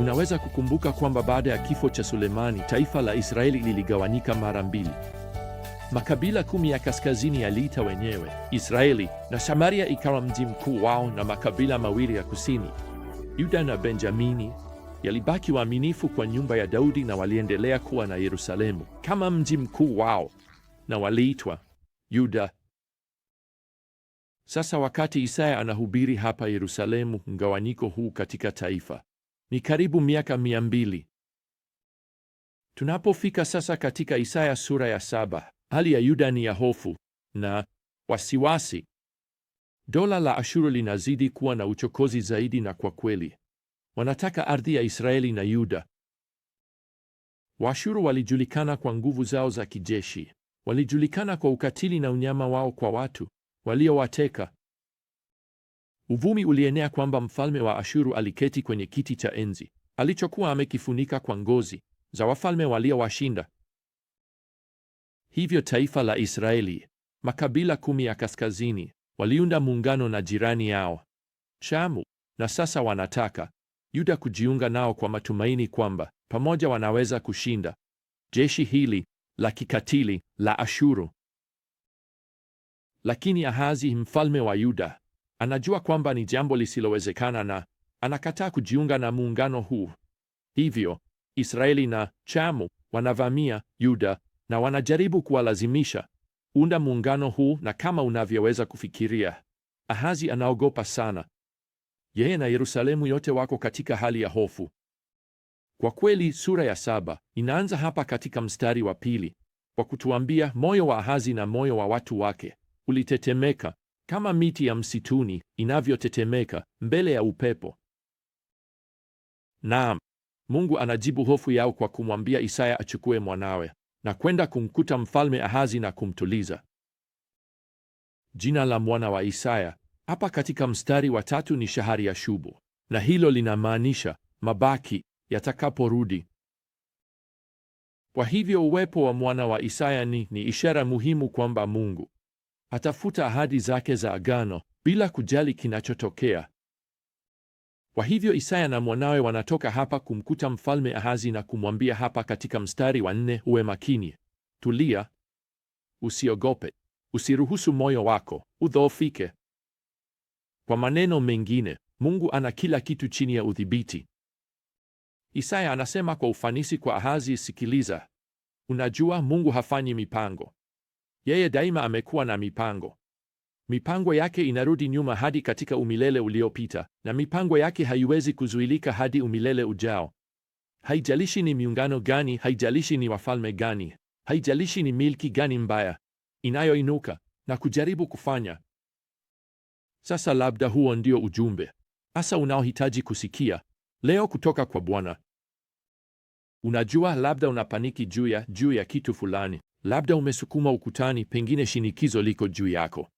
Unaweza kukumbuka kwamba baada ya kifo cha Sulemani, taifa la Israeli liligawanyika mara mbili. Makabila kumi ya kaskazini yaliita wenyewe Israeli na Samaria ikawa mji mkuu wao, na makabila mawili ya kusini, Yuda na Benjamini, yalibaki waaminifu kwa nyumba ya Daudi na waliendelea kuwa na Yerusalemu kama mji mkuu wao, na waliitwa Yuda. Sasa wakati Isaya anahubiri hapa Yerusalemu, mgawanyiko huu katika taifa ni karibu miaka mia mbili. Tunapofika sasa katika Isaya sura ya saba, hali ya Yuda ni ya hofu na wasiwasi. Dola la Ashuru linazidi kuwa na uchokozi zaidi, na kwa kweli wanataka ardhi ya Israeli na Yuda. Waashuru walijulikana kwa nguvu zao za kijeshi, walijulikana kwa ukatili na unyama wao kwa watu waliowateka. Uvumi ulienea kwamba mfalme wa Ashuru aliketi kwenye kiti cha enzi alichokuwa amekifunika kwa ngozi za wafalme waliowashinda. Hivyo taifa la Israeli, makabila kumi ya kaskazini, waliunda muungano na jirani yao Shamu, na sasa wanataka Yuda kujiunga nao kwa matumaini kwamba pamoja wanaweza kushinda jeshi hili la kikatili la Ashuru. Lakini Ahazi mfalme wa Yuda Anajua kwamba ni jambo lisilowezekana na anakataa kujiunga na muungano huu. Hivyo Israeli na Chamu wanavamia Yuda na wanajaribu kuwalazimisha unda muungano huu, na kama unavyoweza kufikiria, Ahazi anaogopa sana. Yeye na Yerusalemu yote wako katika hali ya hofu. Kwa kweli, sura ya saba inaanza hapa katika mstari wa pili kwa kutuambia moyo wa Ahazi na moyo wa watu wake ulitetemeka kama miti ya msituni inavyotetemeka mbele ya upepo. Naam, Mungu anajibu hofu yao kwa kumwambia Isaya achukue mwanawe na kwenda kumkuta mfalme Ahazi na kumtuliza. Jina la mwana wa Isaya hapa katika mstari wa tatu ni Shahari ya Shubu, na hilo linamaanisha mabaki yatakaporudi. Kwa hivyo uwepo wa mwana wa Isaya ni ni ishara muhimu kwamba Mungu atafuta ahadi zake za agano bila kujali kinachotokea. Kwa hivyo Isaya na mwanawe wanatoka hapa kumkuta mfalme Ahazi na kumwambia hapa katika mstari wa nne, uwe makini, tulia, usiogope, usiruhusu moyo wako udhoofike. Kwa maneno mengine, Mungu ana kila kitu chini ya udhibiti. Isaya anasema kwa ufanisi kwa Ahazi, sikiliza, unajua Mungu hafanyi mipango yeye daima amekuwa na mipango. Mipango yake inarudi nyuma hadi katika umilele uliopita, na mipango yake haiwezi kuzuilika hadi umilele ujao. Haijalishi ni miungano gani, haijalishi ni wafalme gani, haijalishi ni milki gani mbaya inayoinuka na kujaribu kufanya. Sasa labda huo ndio ujumbe hasa unaohitaji kusikia leo kutoka kwa Bwana. Unajua, labda unapaniki juu ya juu ya kitu fulani, Labda umesukuma ukutani, pengine shinikizo liko juu yako.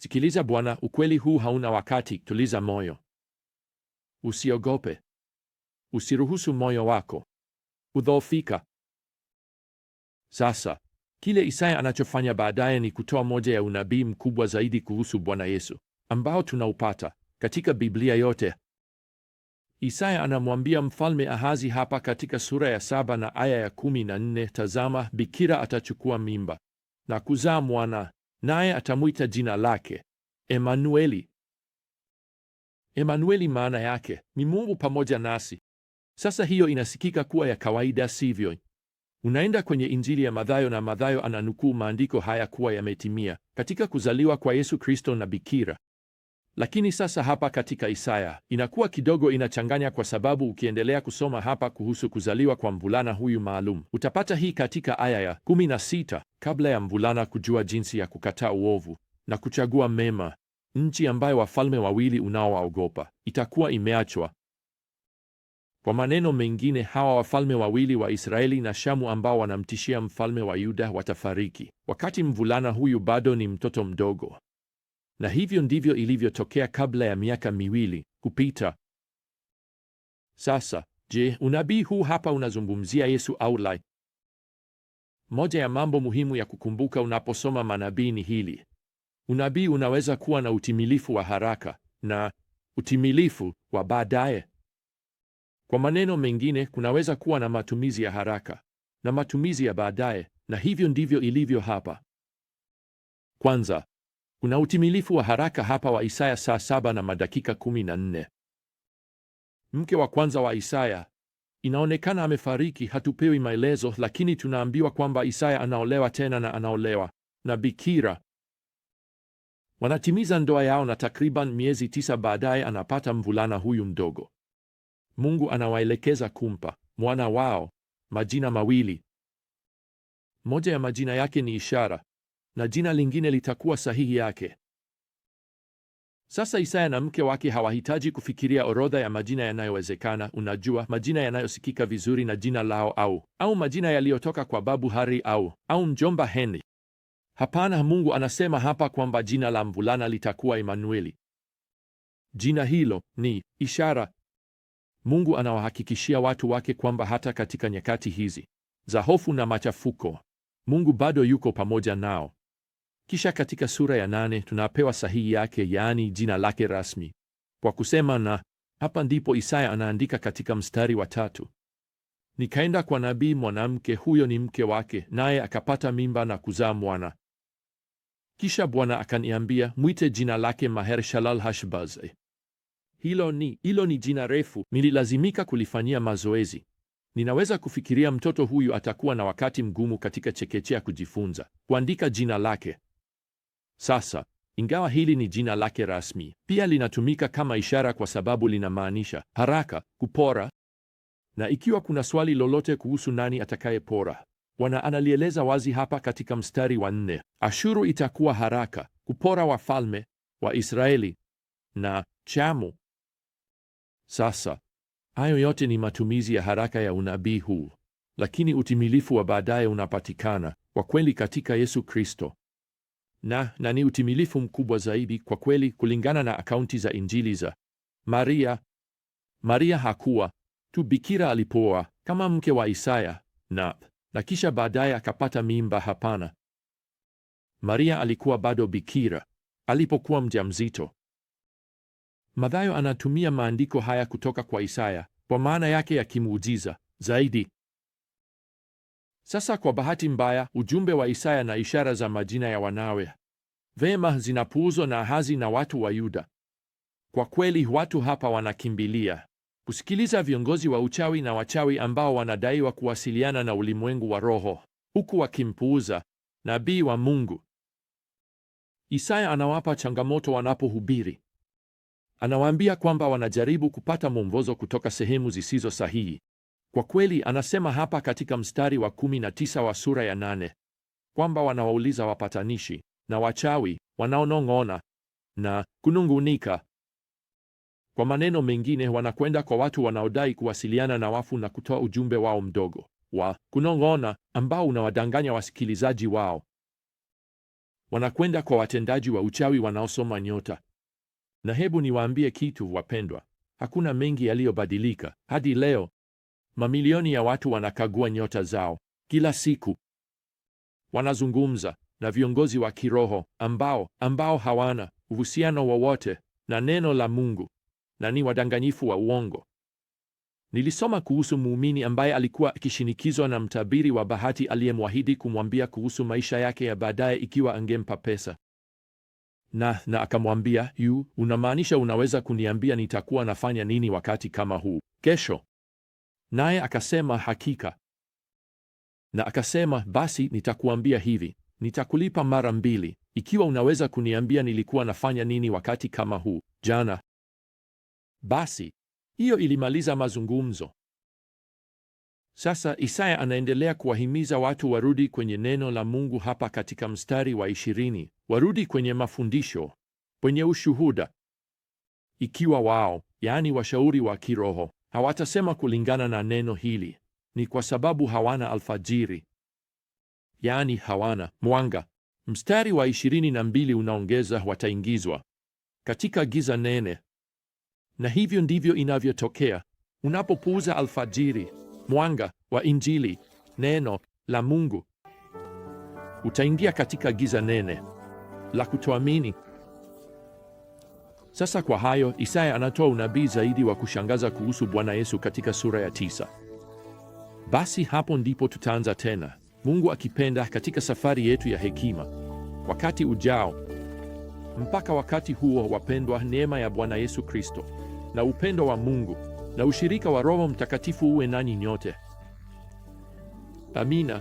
Sikiliza Bwana, ukweli huu hauna wakati. Tuliza moyo, usiogope, usiruhusu moyo wako udhoofika. Sasa kile Isaya anachofanya baadaye ni kutoa moja ya unabii mkubwa zaidi kuhusu Bwana Yesu ambao tunaupata katika Biblia yote. Isaya anamwambia mfalme Ahazi hapa katika sura ya saba na aya ya kumi na nne tazama, bikira atachukua mimba na kuzaa mwana, naye atamwita jina lake Emanueli. Emanueli maana yake ni Mungu pamoja nasi. Sasa hiyo inasikika kuwa ya kawaida, sivyo? Unaenda kwenye Injili ya Mathayo na Mathayo ananukuu maandiko haya kuwa yametimia katika kuzaliwa kwa Yesu Kristo na bikira. Lakini sasa hapa katika Isaya inakuwa kidogo inachanganya, kwa sababu ukiendelea kusoma hapa kuhusu kuzaliwa kwa mvulana huyu maalum, utapata hii katika aya ya 16: kabla ya mvulana kujua jinsi ya kukataa uovu na kuchagua mema, nchi ambayo wafalme wawili unaowaogopa itakuwa imeachwa. Kwa maneno mengine, hawa wafalme wawili wa Israeli na Shamu ambao wanamtishia mfalme wa Yuda watafariki wakati mvulana huyu bado ni mtoto mdogo. Na hivyo ndivyo ilivyotokea kabla ya miaka miwili kupita. Sasa, je, unabii huu hapa unazungumzia Yesu au la? Moja ya mambo muhimu ya kukumbuka unaposoma manabii ni hili: unabii unaweza kuwa na utimilifu wa haraka na utimilifu wa baadaye. Kwa maneno mengine, kunaweza kuwa na matumizi ya haraka na matumizi ya baadaye, na hivyo ndivyo ilivyo hapa. Kwanza, kuna utimilifu wa haraka hapa wa Isaya saa saba na madakika kumi na nne. Mke wa kwanza wa Isaya inaonekana amefariki, hatupewi maelezo, lakini tunaambiwa kwamba Isaya anaolewa tena na anaolewa na bikira. Wanatimiza ndoa yao na takriban miezi tisa baadaye anapata mvulana huyu mdogo. Mungu anawaelekeza kumpa mwana wao majina mawili. Moja ya majina yake ni ishara na jina lingine litakuwa sahihi yake. Sasa Isaya na mke wake hawahitaji kufikiria orodha ya majina yanayowezekana, unajua, majina yanayosikika vizuri na jina lao, au au majina yaliyotoka kwa babu Hari au au mjomba Heni. Hapana, Mungu anasema hapa kwamba jina la mvulana litakuwa Emanueli. Jina hilo ni ishara. Mungu anawahakikishia watu wake kwamba hata katika nyakati hizi za hofu na machafuko, Mungu bado yuko pamoja nao. Kisha katika sura ya nane tunapewa sahihi yake, yaani jina lake rasmi kwa kusema na. Hapa ndipo Isaya anaandika katika mstari wa tatu, nikaenda kwa nabii mwanamke, huyo ni mke wake, naye akapata mimba na kuzaa mwana. Kisha Bwana akaniambia, mwite jina lake Maher-shalal Hashbaze. Hilo ni hilo ni jina refu, nililazimika kulifanyia mazoezi. Ninaweza kufikiria mtoto huyu atakuwa na wakati mgumu katika chekechea kujifunza kuandika jina lake. Sasa, ingawa hili ni jina lake rasmi, pia linatumika kama ishara kwa sababu linamaanisha haraka, kupora. Na ikiwa kuna swali lolote kuhusu nani atakayepora, Bwana analieleza wazi hapa katika mstari wa nne: Ashuru itakuwa haraka kupora wafalme wa Israeli na chamu Sasa hayo yote ni matumizi ya haraka ya unabii huu, lakini utimilifu wa baadaye unapatikana kwa kweli katika Yesu Kristo na na ni utimilifu mkubwa zaidi kwa kweli, kulingana na akaunti za Injili za Maria. Maria hakuwa tu bikira alipooa kama mke wa Isaya na na kisha baadaye akapata mimba. Hapana, Maria alikuwa bado bikira alipokuwa mjamzito. Mathayo anatumia maandiko haya kutoka kwa Isaya kwa maana yake ya kimuujiza zaidi. Sasa kwa bahati mbaya, ujumbe wa Isaya na ishara za majina ya wanawe vema zinapuuzwa na Ahazi na watu wa Yuda. Kwa kweli, watu hapa wanakimbilia kusikiliza viongozi wa uchawi na wachawi ambao wanadaiwa kuwasiliana na ulimwengu wa roho, huku wakimpuuza nabii wa Mungu. Isaya anawapa changamoto wanapohubiri. Anawaambia kwamba wanajaribu kupata mwongozo kutoka sehemu zisizo sahihi kwa kweli anasema hapa katika mstari wa 19 wa sura ya nane kwamba wanawauliza wapatanishi na wachawi wanaonong'ona na kunungunika. Kwa maneno mengine, wanakwenda kwa watu wanaodai kuwasiliana na wafu na kutoa ujumbe wao mdogo wa kunong'ona ambao unawadanganya wasikilizaji wao. Wanakwenda kwa watendaji wa uchawi wanaosoma nyota. Na hebu niwaambie kitu wapendwa, hakuna mengi yaliyobadilika hadi leo. Mamilioni ya watu wanakagua nyota zao kila siku. Wanazungumza na viongozi wa kiroho ambao ambao hawana uhusiano wowote na neno la Mungu na ni wadanganyifu wa uongo. Nilisoma kuhusu muumini ambaye alikuwa akishinikizwa na mtabiri wa bahati aliyemwahidi kumwambia kuhusu maisha yake ya baadaye ikiwa angempa pesa, na na akamwambia, yu unamaanisha unaweza kuniambia nitakuwa nafanya nini wakati kama huu kesho? Naye akasema hakika. Na akasema basi, nitakuambia hivi, nitakulipa mara mbili, ikiwa unaweza kuniambia nilikuwa nafanya nini wakati kama huu jana. Basi hiyo ilimaliza mazungumzo. Sasa Isaya anaendelea kuwahimiza watu warudi kwenye neno la Mungu hapa katika mstari wa ishirini, warudi kwenye mafundisho, kwenye ushuhuda, ikiwa wao, yaani washauri wa kiroho, Hawatasema kulingana na neno hili, ni kwa sababu hawana alfajiri, yaani hawana mwanga. Mstari wa ishirini na mbili unaongeza, wataingizwa katika giza nene. Na hivyo ndivyo inavyotokea unapopuuza alfajiri, mwanga wa Injili, neno la Mungu. Utaingia katika giza nene la kutoamini. Sasa kwa hayo, Isaya anatoa unabii zaidi wa kushangaza kuhusu Bwana Yesu katika sura ya tisa. Basi hapo ndipo tutaanza tena, Mungu akipenda, katika safari yetu ya hekima wakati ujao. Mpaka wakati huo, wapendwa, neema ya Bwana Yesu Kristo na upendo wa Mungu na ushirika wa Roho Mtakatifu uwe nanyi nyote. Amina.